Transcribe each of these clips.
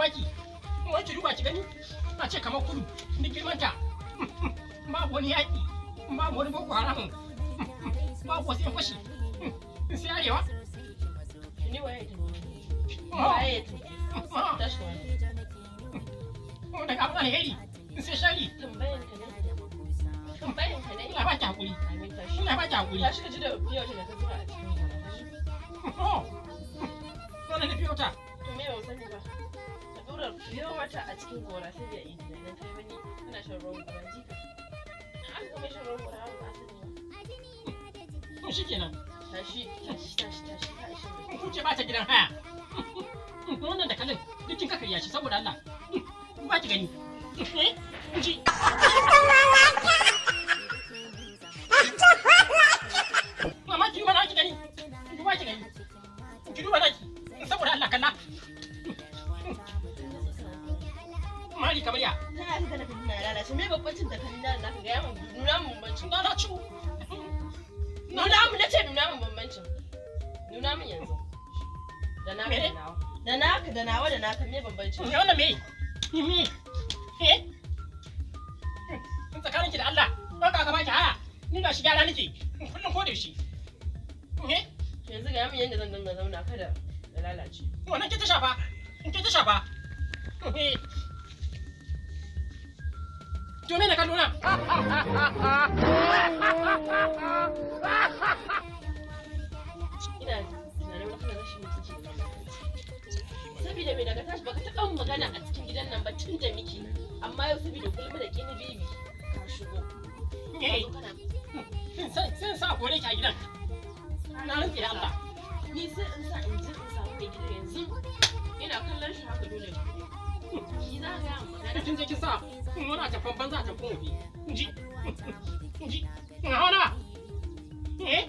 mamaki wai ki duba ki gani na ce kamar kudu ni ta babu wani yaƙi babu wani boko haramun babu wasu yan fashi sai arewa ni waye waye sai shari ina ba ki hakuri ina ba ki hakuri ya shi da fiyar da a cikin oh. to me ba sani ba tura a cikin gora sai shan ji an shan a to tashi tashi tashi tashi ce gidan haya wannan da kalin dukkin ka karya saboda Allah ba ki gani eh ji Nuna min yanzu. Da naka da Da naka da nawa da naka me bambanci? Me wannan me? Me? Eh? In tsakaninki da Allah, ba ka gaba ki haya. Ni ga shi gyara nake. Kullum ko da yaushe. Eh? Yanzu ga min yanda zan dinga zauna kada da lalace. Wannan ke ta shafa. In ke ta shafa. Eh. Yo me la ina tunanin wani rashin mutunci saboda mai daga tashi baka taɓa magana a cikin gidan nan ba tun da miki amma yau saboda gulma da kini bibi ka shigo sai sa kore ki a gidan na rufe Allah ni sai in sa in ji in samu mai gidan yanzu ina kallon shi haka dole ki za ga magana kin je ki sa kun wani tafan banza a tafan wofi ji ji na hauna eh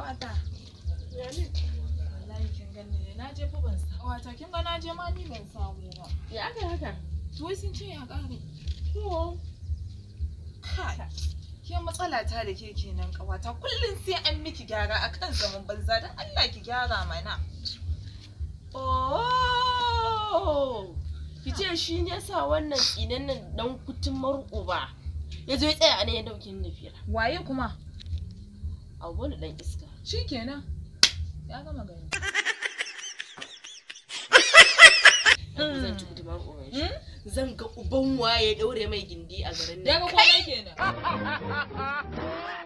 Ƙawata, Ya kin na je fa ban sa. Kawata kin ga na je ma ni ban samu ba. Ya aka haka? Tuwai sun ce ya ƙare. To. Ke matsala ta da ke kenan ƙawata? kullum sai an miki gyara akan zaman banza don Allah ki gyara mana. Oh. Ki ce shi ne sa wannan nan dan kutun maruƙo ba. Ya zo ya tsaya a nan ya dauke ni da fira. Waye kuma? Awwalu dan iska. Shikenan. Ya gama gani. Zan ci gudu hmm? Zan ga uban waye daure mai gindi a garin nan. Ya ga komai kenan.